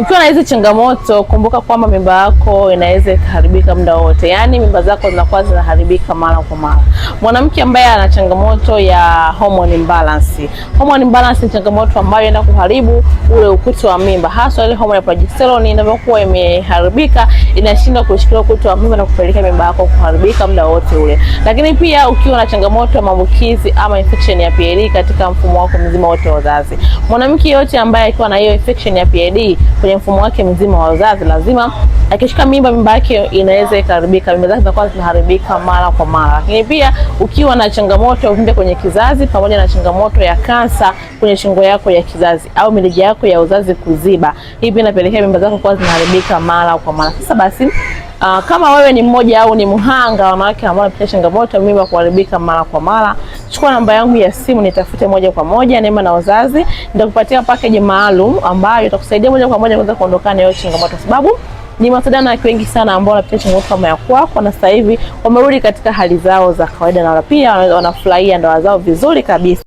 Ukiwa na hizi changamoto, kumbuka kwamba mimba yako inaweza ikaharibika muda wote, yaani mimba zako zinakuwa zinaharibika mara kwa mara. Mwanamke ambaye ana changamoto ya hormone imbalance, hormone imbalance ni changamoto ambayo inaenda kuharibu ule ukuta wa mimba, hasa ile hormone ya progesterone inapokuwa imeharibika, inashindwa kushikilia ukuta wa mimba na kupeleka mimba yako kuharibika muda wote ule. Lakini pia ukiwa na changamoto ya maambukizi ama infection ya PID katika mfumo wako mzima wote wa uzazi, Mwanamke yote ambaye akiwa na hiyo infection ya PID kwenye mfumo wake mzima wa uzazi, lazima akishika mimba, mimba yake inaweza ikaharibika, mimba zake zinakuwa zinaharibika mara kwa mara. Lakini pia ukiwa na changamoto ya uvimbe kwenye kizazi pamoja na changamoto ya kansa kwenye shingo yako ya kizazi au mirija yako ya uzazi kuziba, hivi inapelekea mimba zako kuwa zinaharibika mara kwa mara. Sasa basi Uh, kama wewe ni mmoja au ni mhanga wanawake ambao wanapitia changamoto mimba kuharibika mara kwa mara chukua namba yangu ya simu nitafute moja kwa moja Neema na Wazazi, nitakupatia package maalum ambayo itakusaidia moja kwa moja kuweza kuondokana na hiyo changamoto, sababu ni Watanzania wengi sana ambao wanapitia changamoto kama ya kwako, na sasa hivi wamerudi katika hali zao za kawaida, na pia wanafurahia ndoa zao vizuri kabisa.